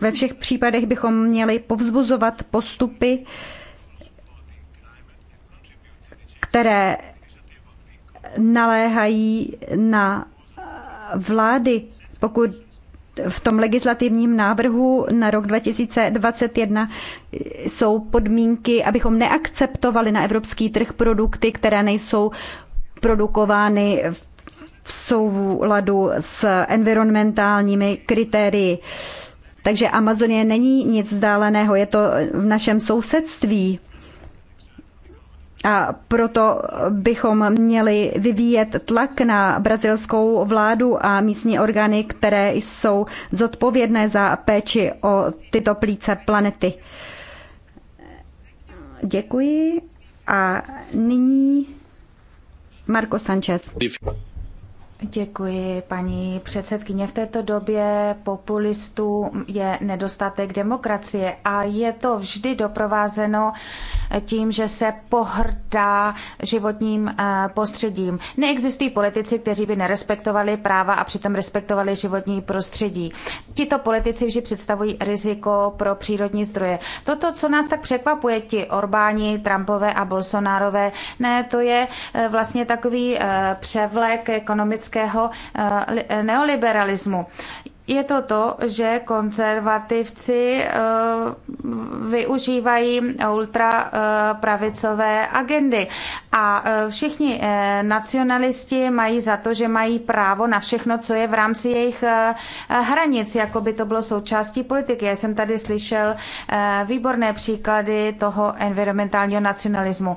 Ve všech případech bychom měli povzbuzovat postupy, které naléhají na vlády, pokud v tom legislativním návrhu na rok 2021 jsou podmínky, abychom neakceptovali na evropský trh produkty, které nejsou produkovány v souladu s environmentálními kritérii. Takže Amazonie není nic vzdáleného, je to v našem sousedství. A proto bychom měli vyvíjet tlak na brazilskou vládu a místní orgány, které jsou zodpovědné za péči o tyto plíce planety. Děkuji a nyní Marco Sanchez. Děkuji, paní předsedkyně. V této době populistů je nedostatek demokracie a je to vždy doprovázeno tím, že se pohrdá životním eh, prostředím. Neexistují politici, kteří by nerespektovali práva a přitom respektovali životní prostředí. Tito politici vždy představují riziko pro přírodní zdroje. Toto, co nás tak překvapuje, ti Orbáni, Trumpové a Bolsonárové, ne, to je eh, vlastně takový eh, převlek ekonomické amerického eh, eh, neoliberalismu je to to, že konzervativci eh, využívají ultrapravicové agendy a všichni nacionalisti mají za to, že mají právo na všechno, co je v rámci jejich hranic, jako by to bylo součástí politiky. Já jsem tady slyšel výborné příklady toho environmentálního nacionalismu.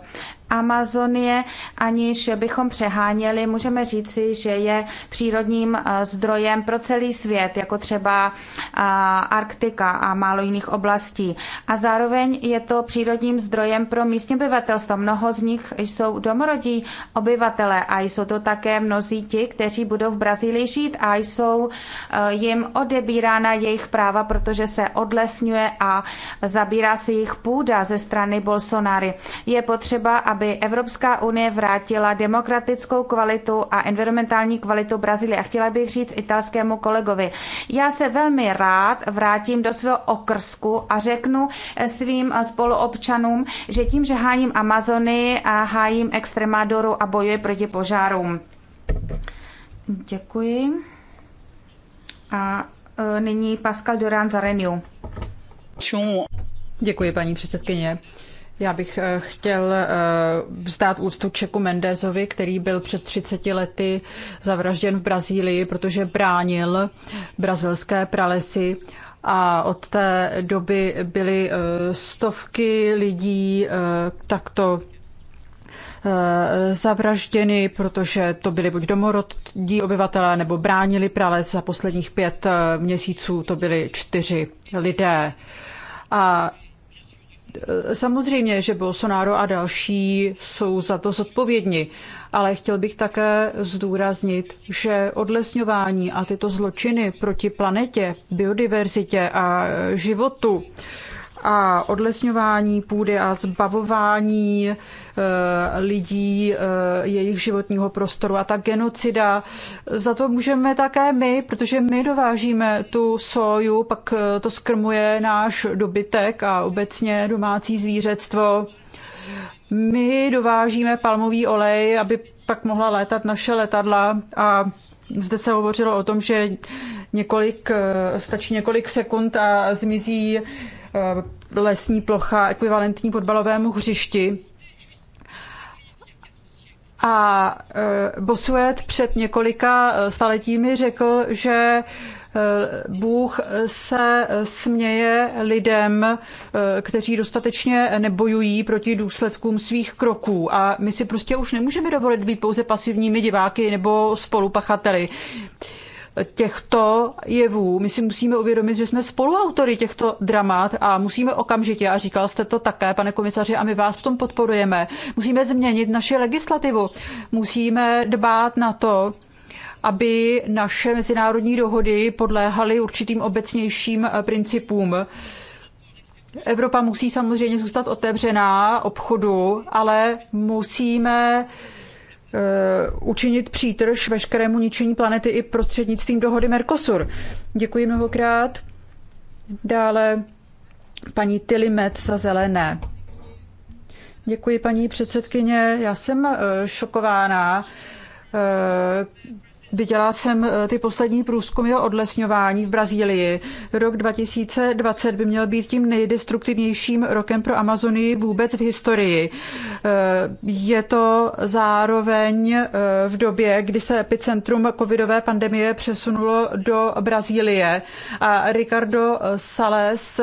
Amazonie, aniž bychom přeháněli, můžeme říci, že je přírodním eh, zdrojem pro celý svět, jako třeba eh, Arktika a málo jiných oblastí. A zároveň je to přírodním zdrojem pro místní obyvatelstvo. Mnoho z nich jsou domorodí obyvatele a jsou to také mnozí ti, kteří budou v Brazílii žít a jsou eh, jim odebírána jejich práva, protože se odlesňuje a zabírá se jejich půda ze strany Bolsonary. Je potřeba, aby aby Evropská unie vrátila demokratickou kvalitu a environmentální kvalitu Brazílie. A chtěla bych říct italskému kolegovi, já se velmi rád vrátím do svého okrsku a řeknu eh, svým eh, spoluobčanům, že tím, že hájím Amazony a hájím Extremadoru a bojuji proti požárům. Děkuji. A eh, nyní Pascal Durán za Renew. Děkuji, paní předsedkyně. Já bych eh, chtěl eh, vzdát úctu Čeku Mendezovi, který byl před 30 lety zavražděn v Brazílii, protože bránil brazilské pralesy a od té doby byly eh, stovky lidí takto zavražděny, protože to byli buď domorodí obyvatelé, nebo bránili prales. Za posledních pět měsíců to byli čtyři lidé. A Eh, samozřejmě, že Bolsonaro a další jsou za to zodpovědní, ale chtěl bych také zdůraznit, že odlesňování a tyto zločiny proti planetě, biodiverzitě a životu a odlesňování půdy a zbavování eh, lidí eh, jejich životního prostoru a ta genocida. Za to můžeme také my, protože my dovážíme tu soju, pak eh, to skrmuje náš dobytek a obecně domácí zvířectvo. My dovážíme palmový olej, aby pak mohla létat naše letadla a zde se hovořilo o tom, že několik, stačí několik sekund a zmizí Eh, lesní plocha ekvivalentní podbalovému hřišti. A eh, Bosuet před několika eh, staletími řekl, že Bůh se směje lidem, kteří dostatečně nebojují proti důsledkům svých kroků. A my si prostě už nemůžeme dovolit být pouze pasivními diváky nebo spolupachateli těchto jevů. My si musíme uvědomit, že jsme spoluautory těchto dramat a musíme okamžitě, a říkal jste to také, pane komisaři, a my vás v tom podporujeme, musíme změnit naši legislativu. Musíme dbát na to, aby naše mezinárodní dohody podléhaly určitým obecnějším eh, principům. Evropa musí samozřejmě zůstat otevřená obchodu, ale musíme Eh, učinit přítrž veškerému ničení planety i prostřednictvím dohody Mercosur. Děkuji mnohokrát. Dále paní Tilimec za zelené. Děkuji, paní předsedkyně. Já jsem eh, šokována, eh, Viděla jsem eh, ty poslední průzkumy o odlesňování v Brazílii. Rok 2020 by měl být tím nejdestruktivnějším rokem pro Amazonii vůbec v historii. Eh, je to zároveň eh, v době, kdy se epicentrum covidové pandemie přesunulo do Brazílie a Ricardo Sales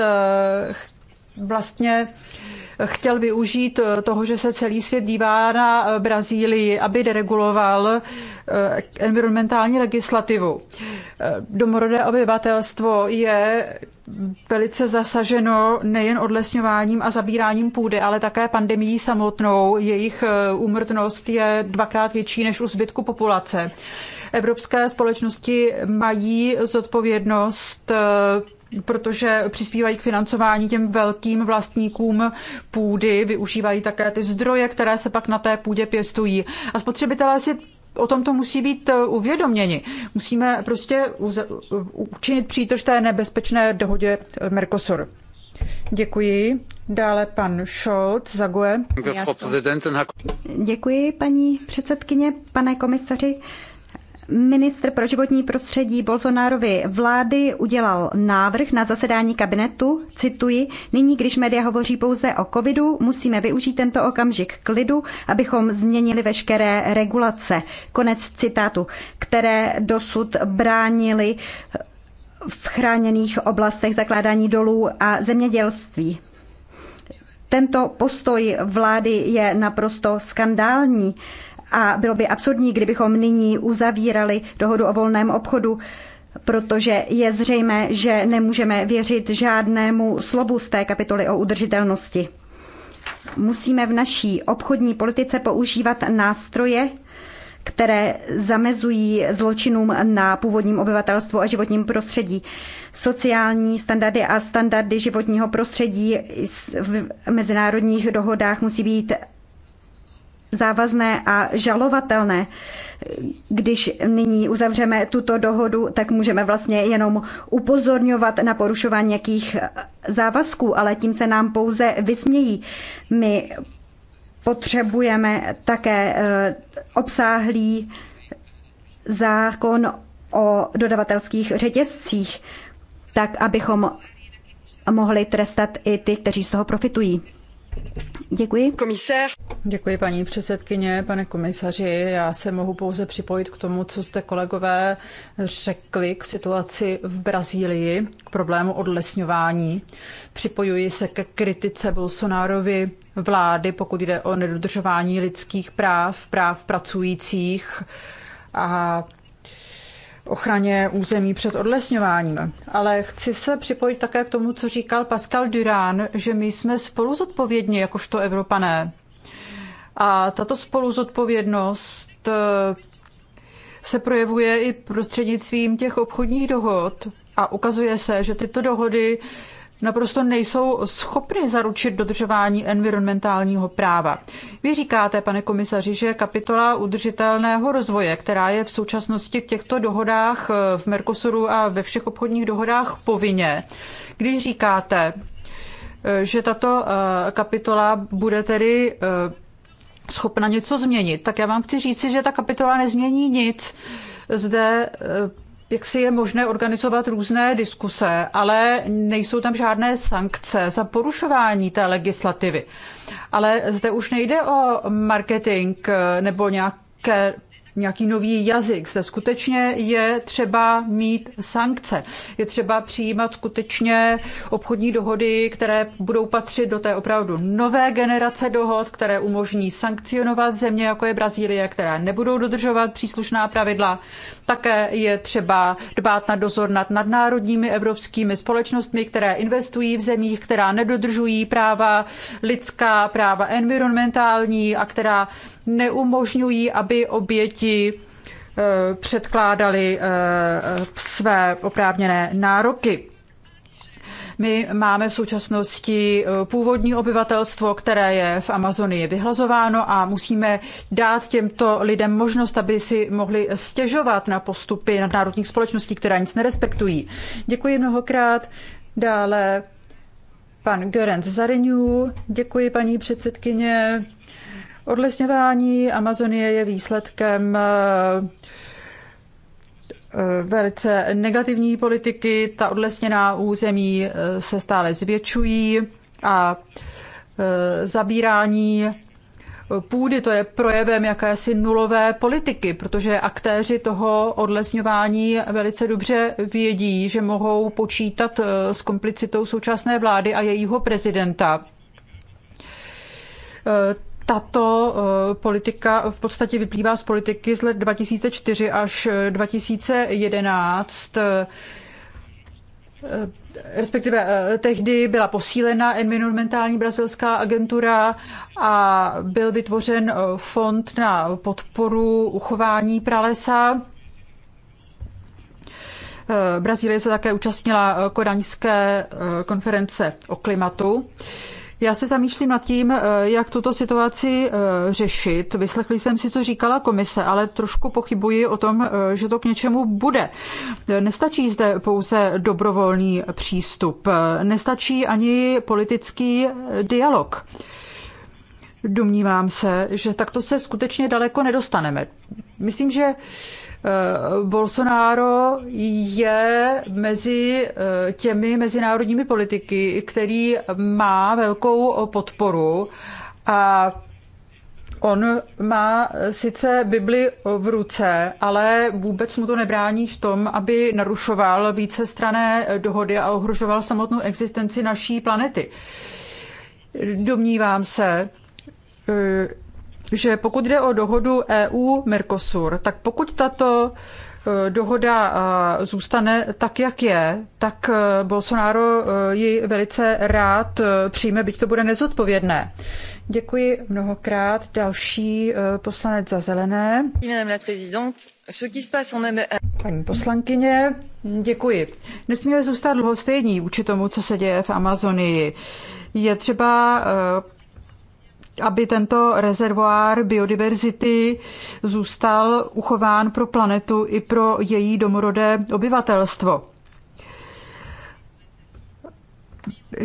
vlastně chtěl využít eh, toho, že se celý svět dívá na eh, Brazílii, aby dereguloval eh, environmentální legislativu. Domorodé obyvatelstvo je velice zasaženo nejen odlesňováním a zabíráním půdy, ale také pandemií samotnou. Jejich úmrtnost je dvakrát větší než u zbytku populace. Evropské společnosti mají zodpovědnost protože přispívají k financování těm velkým vlastníkům půdy, využívají také ty zdroje, které se pak na té půdě pěstují. A spotřebitelé si o tomto musí být eh, uvědoměni. Musíme prostě učinit přítrž té nebezpečné dohodě eh, Mercosur. Děkuji. Dále pan Scholz, Zague. Děkuji, paní předsedkyně, pane komisaři. Ministr pro životní prostředí Bolsonárovi vlády udělal návrh na zasedání kabinetu, cituji, nyní, když média hovoří pouze o covidu, musíme využít tento okamžik klidu, abychom změnili veškeré regulace. Konec citátu, které dosud bránili v chráněných oblastech zakládání dolů a zemědělství. Tento postoj vlády je naprosto skandální a bylo by absurdní, kdybychom nyní uzavírali dohodu o volném obchodu, protože je zřejmé, že nemůžeme věřit žádnému slovu z té kapitoly o udržitelnosti. Musíme v naší obchodní politice používat nástroje, které zamezují zločinům na původním obyvatelstvu a životním prostředí. Sociální standardy a standardy životního prostředí v mezinárodních dohodách musí být závazné a žalovatelné. Když nyní uzavřeme tuto dohodu, tak můžeme vlastně jenom upozorňovat na porušování nějakých závazků, ale tím se nám pouze vysmějí. My potřebujeme také eh, obsáhlý zákon o dodavatelských řetězcích, tak abychom mohli trestat i ty, kteří z toho profitují. Děkuji. komisař. Děkuji, paní předsedkyně, pane komisaři. Já se mohu pouze připojit k tomu, co zde kolegové řekli k situaci v Brazílii, k problému odlesňování. Připojuji se ke kritice Bolsonárovi vlády, pokud jde o nedodržování lidských práv, práv pracujících a ochraně území před odlesňováním. Ale chci se připojit také k tomu, co říkal Pascal Durán, že my jsme spolu zodpovědní, jakožto Evropané. A tato spoluzodpovědnost eh, se projevuje i prostřednictvím těch obchodních dohod. A ukazuje se, že tyto dohody naprosto nejsou schopny zaručit dodržování environmentálního práva. Vy říkáte, pane komisaři, že kapitola udržitelného rozvoje, která je v současnosti v těchto dohodách eh, v Mercosuru a ve všech obchodních dohodách povinně, když říkáte, eh, že tato eh, kapitola bude tedy schopna něco změnit, tak já vám chci říci, že ta kapitola nezmění nic. Zde jak si je možné organizovat různé diskuse, ale nejsou tam žádné sankce za porušování té legislativy. Ale zde už nejde o marketing eh, nebo nějaké nějaký nový jazyk. Zde skutečně je třeba mít sankce. Je třeba přijímat skutečně obchodní dohody, které budou patřit do té opravdu nové generace dohod, které umožní sankcionovat země, jako je Brazílie, které nebudou dodržovat příslušná pravidla. Také je třeba dbát na dozor nad nadnárodními evropskými společnostmi, které investují v zemích, která nedodržují práva lidská, práva environmentální a která neumožňují, aby oběti eh, předkládali eh, své oprávněné nároky. My máme v současnosti eh, původní obyvatelstvo, které je v Amazonii vyhlazováno a musíme dát těmto lidem možnost, aby si mohli stěžovat na postupy nadnárodních společností, která nic nerespektují. Děkuji mnohokrát. Dále pan Görenc Zareňů. Děkuji, paní předsedkyně. Odlesňování Amazonie je výsledkem eh, eh, velice negativní politiky. Ta odlesněná území eh, se stále zvětšují a zabírání půdy, to je projevem jakési nulové politiky, protože aktéři toho odlesňování velice dobře vědí, že mohou počítat s komplicitou současné vlády a jejího prezidenta tato eh, politika v podstatě vyplývá z politiky z let 2004 až 2011 eh, eh, respektive tehdy byla posílena environmentální brazilská agentura a byl vytvořen fond na podporu uchování pralesa. Brazílie se také účastnila kodaňské konference o klimatu. Já se zamýšlím nad tím, eh, jak tuto situaci eh, řešit. Vyslechli jsem si, co říkala komise, ale trošku pochybuji o tom, eh, že to k něčemu bude. Nestačí zde pouze dobrovolný přístup, nestačí ani politický dialog. Domnívám se, že takto se skutečně daleko nedostaneme. Myslím, že Eh, Bolsonaro je mezi eh, těmi mezinárodními politiky, který má velkou podporu a On má sice Bibli v ruce, ale vůbec mu to nebrání v tom, aby narušoval strané dohody a ohrožoval samotnou existenci naší planety. Domnívám se, eh, že pokud jde o dohodu EU-Mercosur, tak pokud tato e, dohoda e, zůstane tak, jak je, tak e, Bolsonaro ji velice rád přijme, byť to bude nezodpovědné. Děkuji mnohokrát. Další poslanec za zelené. Paní poslankyně, děkuji. Nesmíme zůstat stejní. vůči tomu, co se děje v Amazonii. Je třeba aby tento rezervoár biodiverzity zůstal uchován pro planetu i pro její domorodé obyvatelstvo.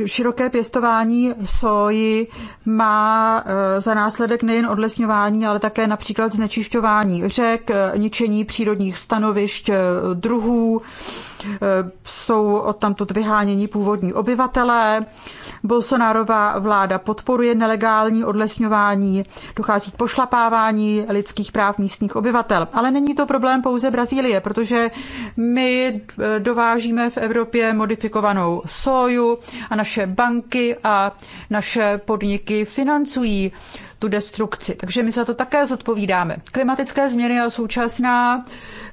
Široké pěstování soji má eh, za následek nejen odlesňování, ale také například znečišťování řek, eh, ničení přírodních stanovišť eh, druhů, jsou odtamtud vyhánění původní obyvatelé. Bolsonárová vláda podporuje nelegální odlesňování, dochází k pošlapávání lidských práv místních obyvatel. Ale není to problém pouze Brazílie, protože my eh, dovážíme v Evropě modifikovanou soju a naše banky a naše podniky financují tu destrukci. Takže my za to také zodpovídáme. Klimatické změny a současná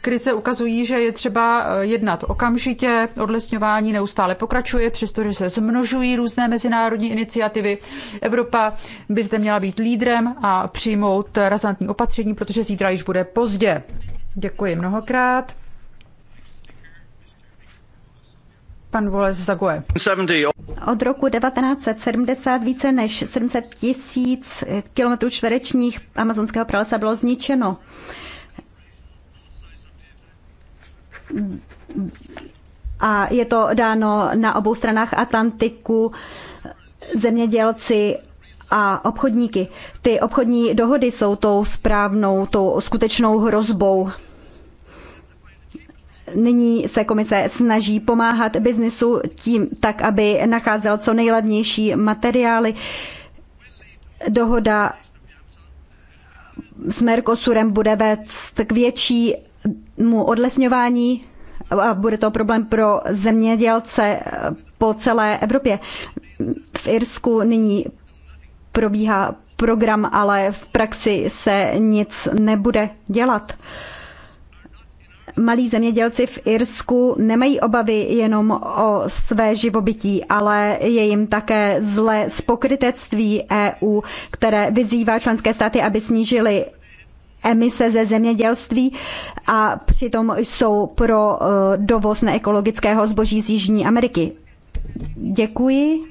krize ukazují, že je třeba eh, jednat okamžitě. Odlesňování neustále pokračuje, přestože se zmnožují různé mezinárodní iniciativy. Evropa by zde měla být lídrem a přijmout razantní opatření, protože zítra již bude pozdě. Děkuji mnohokrát. Pan Voles Zagoe. Od roku 1970 více než 700 tisíc kilometrů čtverečních amazonského pralesa bylo zničeno a je to dáno na obou stranách Atlantiku zemědělci a obchodníky. Ty obchodní dohody jsou tou správnou, tou skutečnou hrozbou Nyní se komise snaží pomáhat biznisu tím tak, aby nacházel co nejlevnější materiály. Dohoda s Mercosurem bude vést k většímu odlesňování a bude to problém pro zemědělce po celé Evropě. V Irsku nyní probíhá program, ale v praxi se nic nebude dělat malí zemědělci v Irsku nemají obavy jenom o své živobytí, ale je jim také zle z pokrytectví EU, které vyzývá členské státy, aby snížily emise ze zemědělství a přitom jsou pro eh, dovoz neekologického zboží z Jižní Ameriky. Děkuji.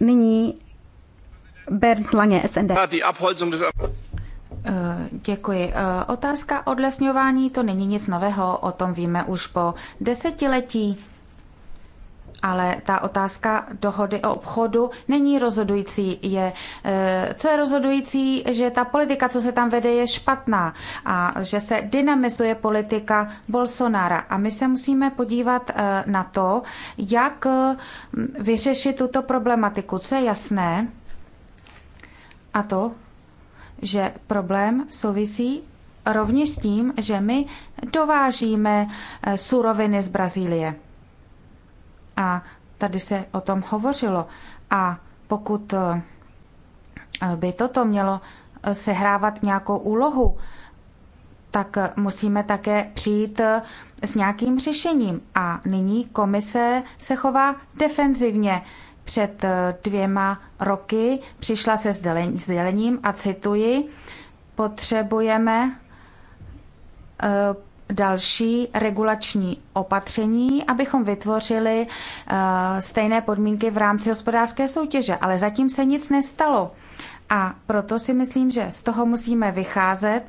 Nyní Bernd Lange, SND. Eh, děkuji. Eh, otázka odlesňování to není nic nového, o tom víme už po desetiletí. Ale ta otázka dohody o obchodu není rozhodující. Je, eh, co je rozhodující, že ta politika, co se tam vede, je špatná a že se dynamizuje politika Bolsonara. A my se musíme podívat na to, jak mm, vyřešit tuto problematiku. Co je jasné, a to, že problém souvisí rovněž s tím, že my dovážíme eh, suroviny z Brazílie. A tady se o tom hovořilo. A pokud eh, by toto mělo eh, sehrávat nějakou úlohu, tak musíme také přijít s nějakým řešením. A nyní komise se chová defenzivně před eh, dvěma roky přišla se sdělením a cituji, potřebujeme eh, další regulační opatření, abychom vytvořili eh, stejné podmínky v rámci hospodářské soutěže, ale zatím se nic nestalo. A proto si myslím, že z toho musíme vycházet,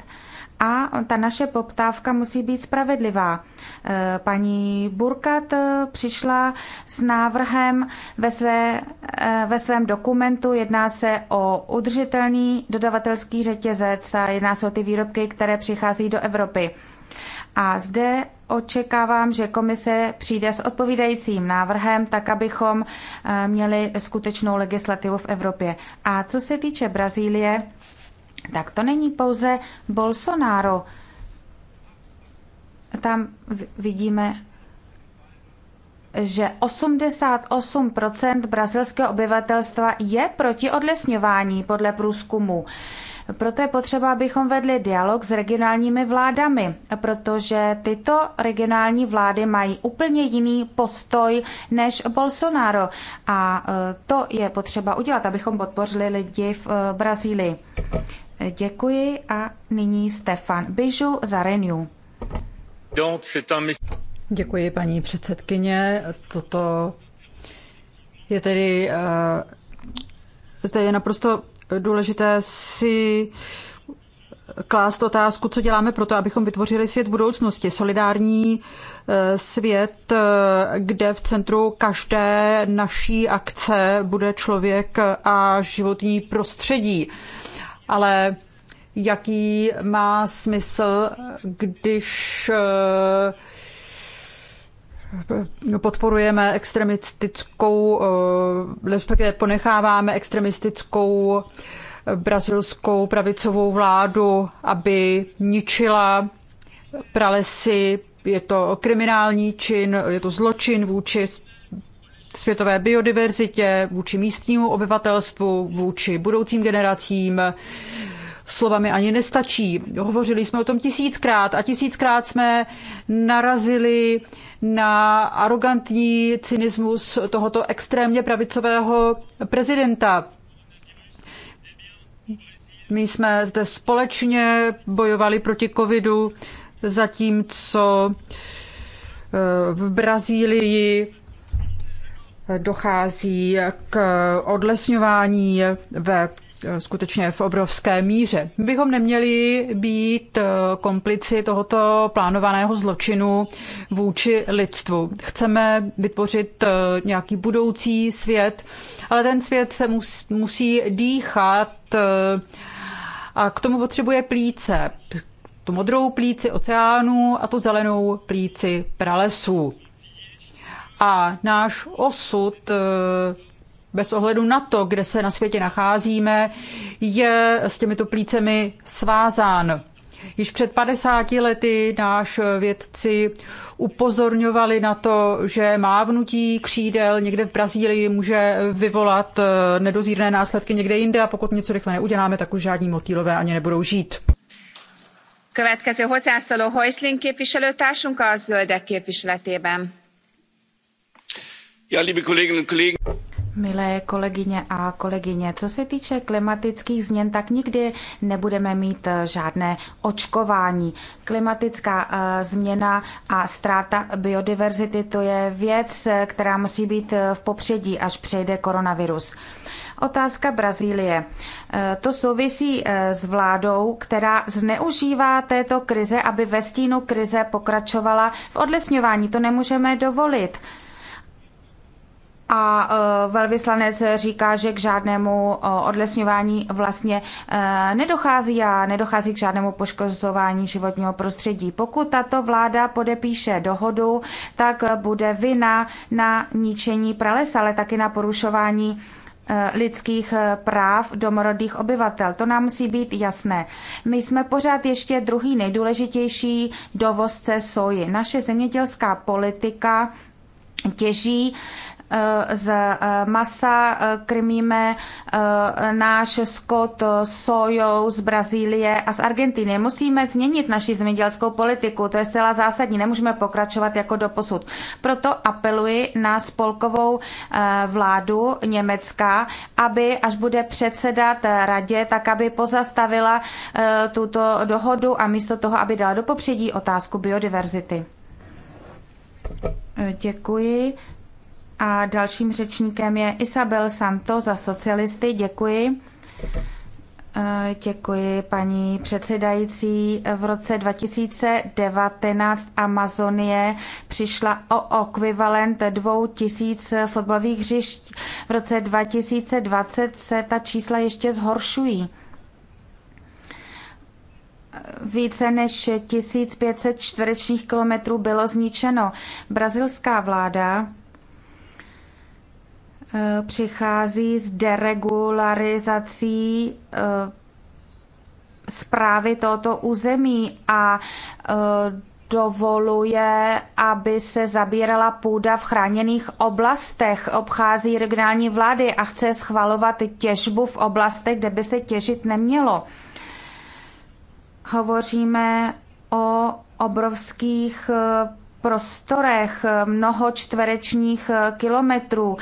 a ta naše poptávka musí být spravedlivá. E, paní Burkat e, přišla s návrhem ve, své, e, ve svém dokumentu, jedná se o udržitelný dodavatelský řetězec a jedná se o ty výrobky, které přichází do Evropy. A zde očekávám, že komise přijde s odpovídajícím návrhem, tak abychom měli skutečnou legislativu v Evropě. A co se týče Brazílie, tak to není pouze Bolsonaro. Tam vidíme, že 88% brazilského obyvatelstva je proti odlesňování podle průzkumu. Proto je potřeba, abychom vedli dialog s regionálními vládami, protože tyto regionální vlády mají úplně jiný postoj než Bolsonaro. A e, to je potřeba udělat, abychom podpořili lidi v e, Brazílii. Děkuji a nyní Stefan Bižu za Renew. Děkuji, paní předsedkyně. Toto je tedy eh, zde je naprosto důležité si klást otázku, co děláme pro to, abychom vytvořili svět budoucnosti, solidární eh, svět, eh, kde v centru každé naší akce bude člověk a životní prostředí ale jaký má smysl, když eh, podporujeme extremistickou, eh, respektive ponecháváme extremistickou eh, brazilskou pravicovou vládu, aby ničila pralesy. Je to kriminální čin, je to zločin vůči světové biodiverzitě, vůči místnímu obyvatelstvu, vůči budoucím generacím slovami ani nestačí. Hovořili jsme o tom tisíckrát a tisíckrát jsme narazili na arrogantní cynismus tohoto extrémně pravicového prezidenta. My jsme zde společně bojovali proti covidu, zatímco eh, v Brazílii dochází k odlesňování ve skutečně v obrovské míře. Bychom neměli být komplici tohoto plánovaného zločinu vůči lidstvu. Chceme vytvořit nějaký budoucí svět, ale ten svět se musí dýchat a k tomu potřebuje plíce. Tu modrou plíci oceánu a tu zelenou plíci pralesů a náš osud eh, bez ohledu na to, kde se na světě nacházíme, je s těmito plícemi svázán. Již před 50 lety náš vědci upozorňovali na to, že mávnutí křídel někde v Brazílii může vyvolat eh, nedozírné následky někde jinde a pokud něco rychle neuděláme, tak už žádní motýlové ani nebudou žít. Következő hozzászóló Hojszlin képviselőtársunk a zöldek képviseletében. Milé kolegyně a kolegyně, co se týče klimatických změn, tak nikdy nebudeme mít eh, žádné očkování. Klimatická eh, změna a ztráta biodiverzity to je věc, eh, která musí být v popředí, až přejde koronavirus. Otázka Brazílie. To souvisí s vládou, která zneužívá této krize, aby ve stínu krize pokračovala v odlesňování. To nemůžeme dovolit a e, velvyslanec říká, že k žádnému e, odlesňování vlastně e, nedochází a nedochází k žádnému poškozování životního prostředí. Pokud tato vláda podepíše dohodu, tak bude vina na ničení prales, ale taky na porušování lidských práv domorodých obyvatel. To nám musí být jasné. My jsme pořád ještě druhý nejdůležitější dovozce soji. Naše zemědělská politika těží uh, Eh, z eh, masa, eh, krmíme náš skot sojou z Brazílie a z Argentiny. Musíme změnit naši zemědělskou politiku, to je zcela zásadní, nemůžeme pokračovat jako doposud. Proto apeluji na spolkovou vládu Německa, aby až bude předsedat radě, tak aby pozastavila tuto dohodu a místo toho, aby dala do popředí otázku biodiverzity. Děkuji. A dalším řečníkem je Isabel Santo za socialisty. Děkuji. Eh, děkuji, paní předsedající. V roce 2019 Amazonie přišla o ekvivalent 2000 fotbalových hřišť. V roce 2020 se ta čísla ještě zhoršují. Více než 1500 čtverečních kilometrů bylo zničeno. Brazilská vláda Eh, přichází s deregularizací zprávy eh, tohoto území a eh, dovoluje, aby se zabírala půda v chráněných oblastech, obchází regionální vlády a chce schvalovat těžbu v oblastech, kde by se těžit nemělo. Hovoříme o obrovských prostorech mnoho čtverečních eh, kilometrů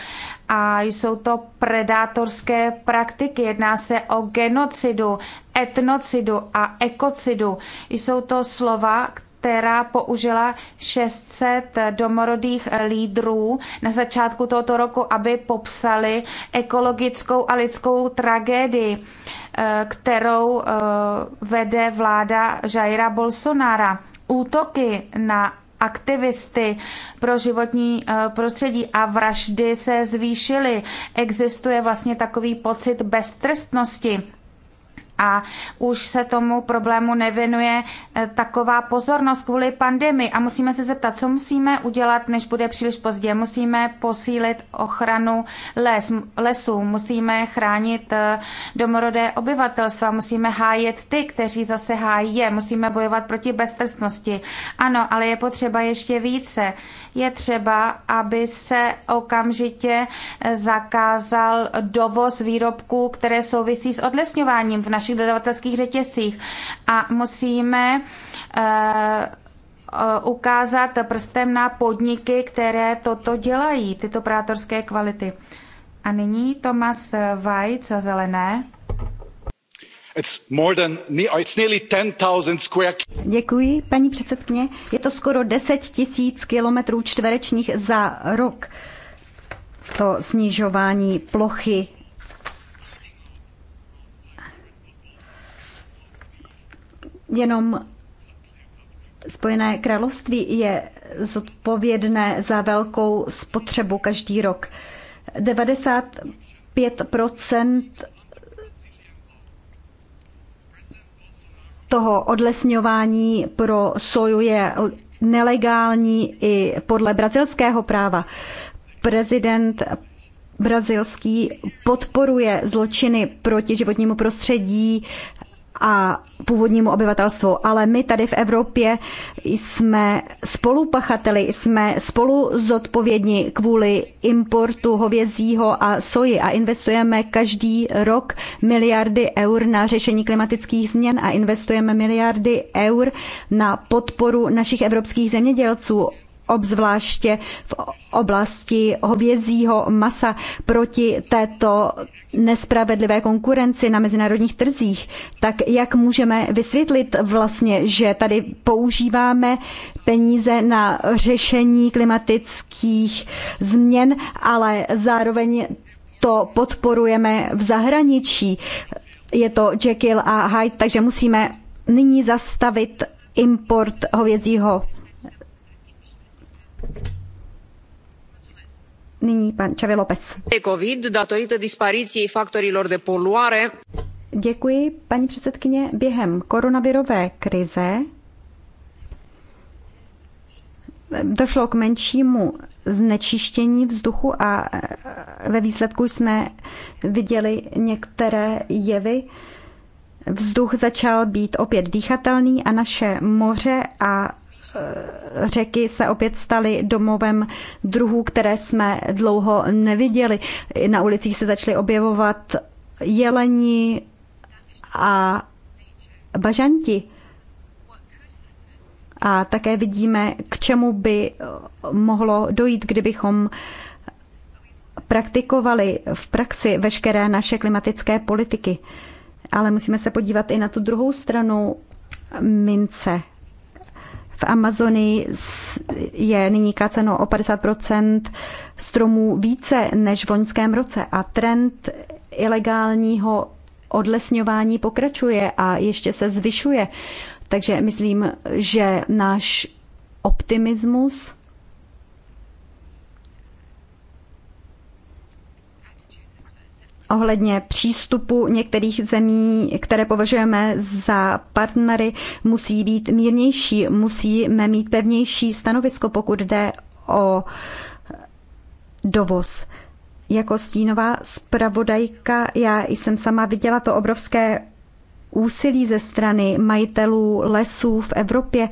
a jsou to predátorské praktiky. Jedná se o genocidu, etnocidu a ekocidu. Jsou to slova, která použila 600 domorodých lídrů na začátku tohoto roku, aby popsali ekologickou a lidskou tragédii, eh, kterou eh, vede vláda Jaira Bolsonara. Útoky na aktivisty pro životní eh, prostředí a vraždy se zvýšily. Existuje vlastně takový pocit beztrestnosti a už se tomu problému nevěnuje eh, taková pozornost kvůli pandemii a musíme se zeptat, co musíme udělat, než bude příliš pozdě. Musíme posílit ochranu les, lesů, musíme chránit eh, domorodé obyvatelstva, musíme hájit ty, kteří zase hájí je, musíme bojovat proti beztrstnosti. Ano, ale je potřeba ještě více. Je třeba, aby se okamžitě eh, zakázal dovoz výrobků, které souvisí s odlesňováním v našem našich dodavatelských řetězcích. A musíme eh, ukázat prstem na podniky, které toto dělají, tyto prátorské kvality. A nyní Tomas Vajc za zelené. Děkuji, paní předsedkyně. Je to skoro 10 tisíc kilometrů čtverečních za rok. To snižování plochy jenom Spojené království je zodpovědné za velkou spotřebu každý rok. 95 toho odlesňování pro soju je nelegální i podle brazilského práva. Prezident brazilský podporuje zločiny proti životnímu prostředí a původnímu obyvatelstvu. Ale my tady v Evropě jsme spolupachateli, jsme spolu zodpovědní kvůli importu hovězího a soji a investujeme každý rok miliardy eur na řešení klimatických změn a investujeme miliardy eur na podporu našich evropských zemědělců obzvláště v oblasti hovězího masa proti této nespravedlivé konkurenci na mezinárodních trzích, tak jak můžeme vysvětlit vlastně, že tady používáme peníze na řešení klimatických změn, ale zároveň to podporujeme v zahraničí. Je to Jekyll a Hyde, takže musíme nyní zastavit import hovězího Nyní pan Čavi COVID, de poluare. Děkuji, paní předsedkyně. Během koronavirové krize došlo k menšímu znečištění vzduchu a ve výsledku jsme viděli některé jevy. Vzduch začal být opět dýchatelný a naše moře a řeky se opět staly domovem druhů, které jsme dlouho neviděli. Na ulicích se začaly objevovat jeleni a bažanti. A také vidíme, k čemu by mohlo dojít, kdybychom praktikovali v praxi veškeré naše klimatické politiky. Ale musíme se podívat i na tu druhou stranu mince. V Amazonii je nyní káceno o 50 stromů více než v loňském roce a trend ilegálního odlesňování pokračuje a ještě se zvyšuje. Takže myslím, že náš optimismus ohledně přístupu některých zemí, které považujeme za partnery, musí být mírnější, musíme mít pevnější stanovisko, pokud jde o dovoz. Jako stínová zpravodajka, já jsem sama viděla to obrovské úsilí ze strany majitelů lesů v Evropě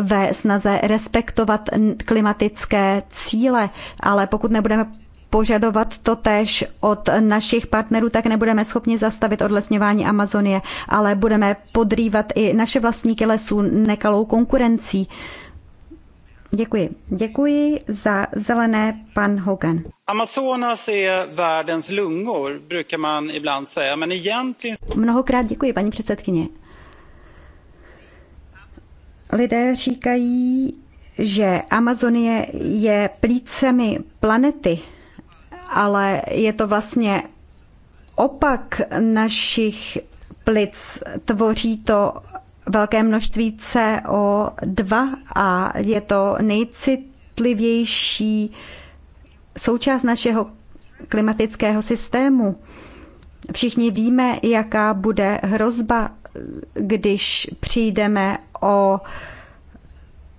ve snaze respektovat klimatické cíle, ale pokud nebudeme požadovat to též od našich partnerů, tak nebudeme schopni zastavit odlesňování Amazonie, ale budeme podrývat i naše vlastníky lesů nekalou konkurencí. Děkuji. Děkuji za zelené pan Hogan. Amazonas je världens lungor, brukar man ibland säga, men egentligen... Mnohokrát děkuji, paní předsedkyně. Lidé říkají, že Amazonie je plícemi planety ale je to vlastně opak našich plic. Tvoří to velké množství CO2 a je to nejcitlivější součást našeho klimatického systému. Všichni víme, jaká bude hrozba, když přijdeme o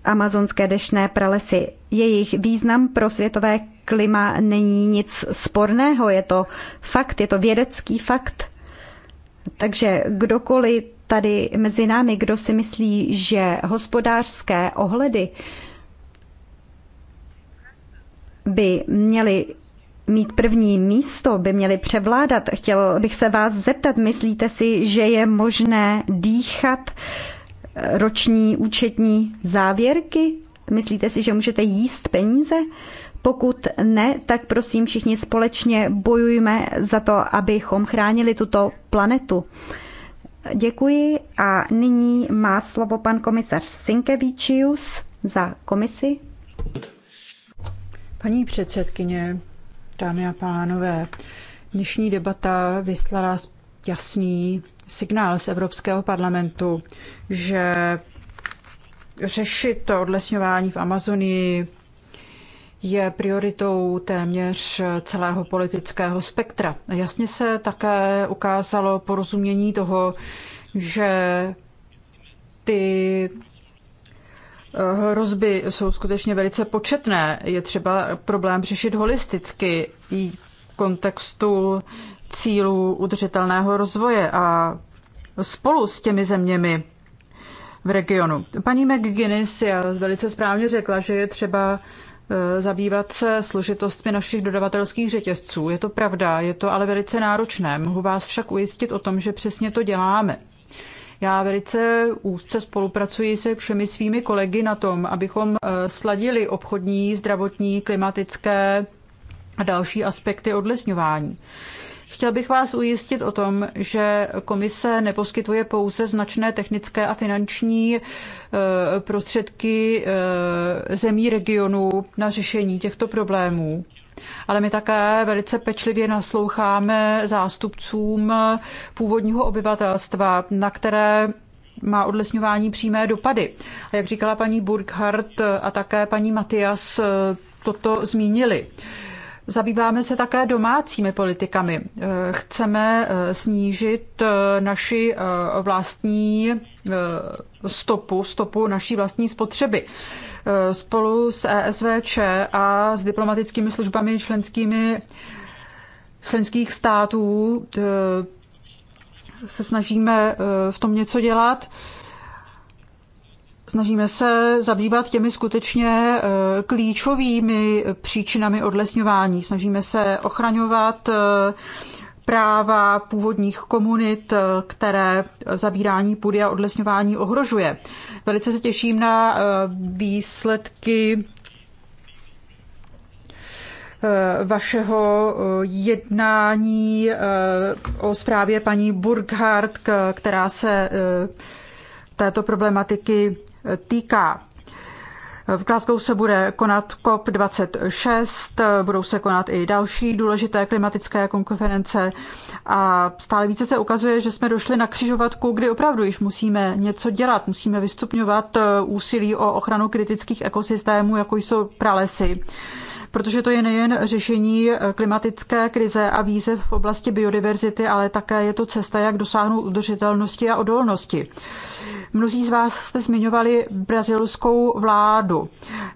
amazonské dešné pralesy. Jejich význam pro světové klima není nic sporného, je to fakt, je to vědecký fakt. Takže kdokoliv tady mezi námi, kdo si myslí, že hospodářské ohledy by měly mít první místo, by měly převládat. Chtěl bych se vás zeptat, myslíte si, že je možné dýchat roční účetní závěrky? Myslíte si, že můžete jíst peníze? Uh, pokud ne, tak prosím všichni společně bojujme za to, abychom chránili tuto planetu. Děkuji a nyní má slovo pan komisař Sinkevičius za komisi. Paní předsedkyně, dámy a pánové, dnešní debata vyslala jasný signál z Evropského parlamentu, že řešit to odlesňování v Amazonii je prioritou téměř celého politického spektra. Jasně se také ukázalo porozumění toho, že ty eh, hrozby jsou skutečně velice početné. Je třeba problém řešit holisticky i v kontextu cílů udržitelného rozvoje a spolu s těmi zeměmi v regionu. Paní McGuinness velice správně řekla, že je třeba Eh, zabývat se složitostmi našich dodavatelských řetězců. Je to pravda, je to ale velice náročné. Mohu vás však ujistit o tom, že přesně to děláme. Já velice úzce spolupracuji se všemi svými kolegy na tom, abychom eh, sladili obchodní, zdravotní, klimatické a další aspekty odlesňování. Chtěl bych vás ujistit o tom, že komise neposkytuje pouze značné technické a finanční eh, prostředky eh, zemí regionu na řešení těchto problémů. Ale my také velice pečlivě nasloucháme zástupcům původního obyvatelstva, na které má odlesňování přímé dopady. A jak říkala paní Burkhardt a také paní Matias, eh, toto zmínili. Zabýváme se také domácími politikami. Eh, chceme eh, snížit eh, naši vlastní stopu, stopu naší vlastní spotřeby. Spolu s ESVČ a s diplomatickými službami členskými členských států se snažíme v tom něco dělat. Snažíme se zabývat těmi skutečně eh, klíčovými příčinami odlesňování. Snažíme se ochraňovat eh, práva původních komunit, eh, které zabírání půdy a odlesňování ohrožuje. Velice se těším na výsledky vašeho jednání o zprávě paní Burghardt, která se této problematiky týká. V Glasgow se bude konat COP26, budou se konat i další důležité klimatické konference a stále více se ukazuje, že jsme došli na křižovatku, kdy opravdu již musíme něco dělat, musíme vystupňovat eh, úsilí o ochranu kritických ekosystémů, jako jsou pralesy protože to je nejen řešení eh, klimatické krize a výzev v oblasti biodiverzity, ale také je to cesta, jak dosáhnout udržitelnosti a odolnosti. Mnozí z vás jste zmiňovali brazilskou vládu.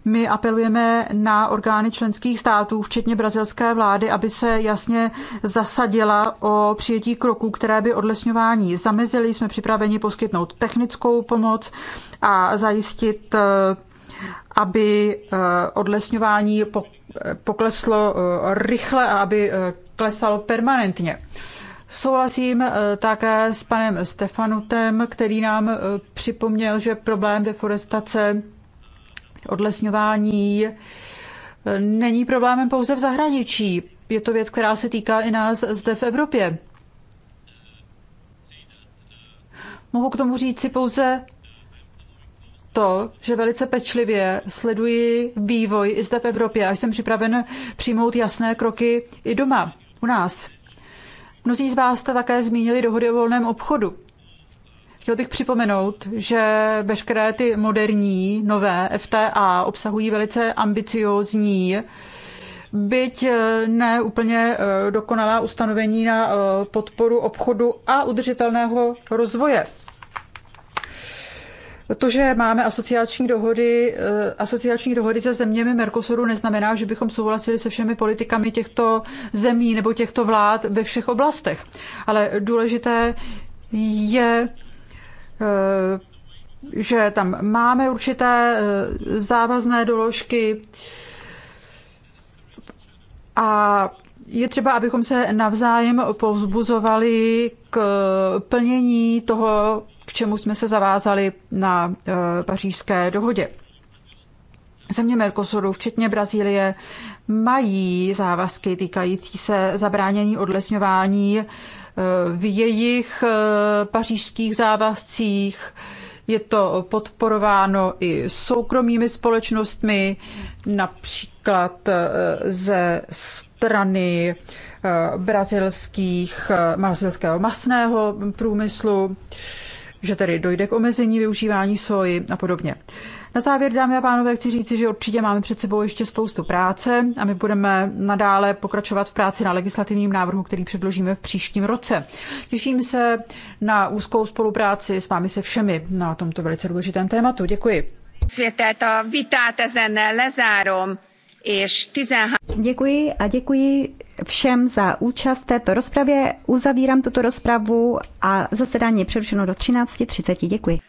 My apelujeme na orgány členských států, včetně brazilské vlády, aby se jasně zasadila o přijetí kroků, které by odlesňování zamezily. Jsme připraveni poskytnout technickou pomoc a zajistit, eh, aby eh, odlesňování eh, pokleslo rychle a aby klesalo permanentně. Souhlasím eh, také s panem Stefanutem, který nám eh, připomněl, že problém deforestace, odlesňování eh, není problémem pouze v zahraničí. Je to věc, která se týká i nás zde v Evropě. Mohu k tomu říci pouze to, že velice pečlivě sleduji vývoj i zde v Evropě a jsem připraven přijmout jasné kroky i doma, u nás. Mnozí z vás jste také zmínili dohody o volném obchodu. Chtěl bych připomenout, že veškeré ty moderní, nové FTA obsahují velice ambiciózní, byť eh, ne úplně eh, dokonalá ustanovení na eh, podporu obchodu a udržitelného rozvoje. To, že máme asociační dohody, eh, asociační dohody se zeměmi Mercosuru, neznamená, že bychom souhlasili se všemi politikami těchto zemí nebo těchto vlád ve všech oblastech. Ale důležité je eh, že tam máme určité eh, závazné doložky a je třeba, abychom se navzájem povzbuzovali k plnění toho, k čemu jsme se zavázali na eh, pařížské dohodě. Země Mercosuru, včetně Brazílie, mají závazky týkající se zabránění odlesňování eh, v jejich eh, pařížských závazcích. Je to podporováno i soukromými společnostmi, například ze strany brazilských, brazilského masného průmyslu že tedy dojde k omezení využívání soji a podobně. Na závěr, dámy a pánové, chci říci, že určitě máme před sebou ještě spoustu práce a my budeme nadále pokračovat v práci na legislativním návrhu, který předložíme v příštím roce. Těším se na úzkou spolupráci s vámi se všemi na tomto velice důležitém tématu. Děkuji. Světé, to vítáte, zene, lezárom. Děkuji a děkuji všem za účast v této rozpravě. Uzavírám tuto rozpravu a zasedání je přerušeno do 13.30. Děkuji.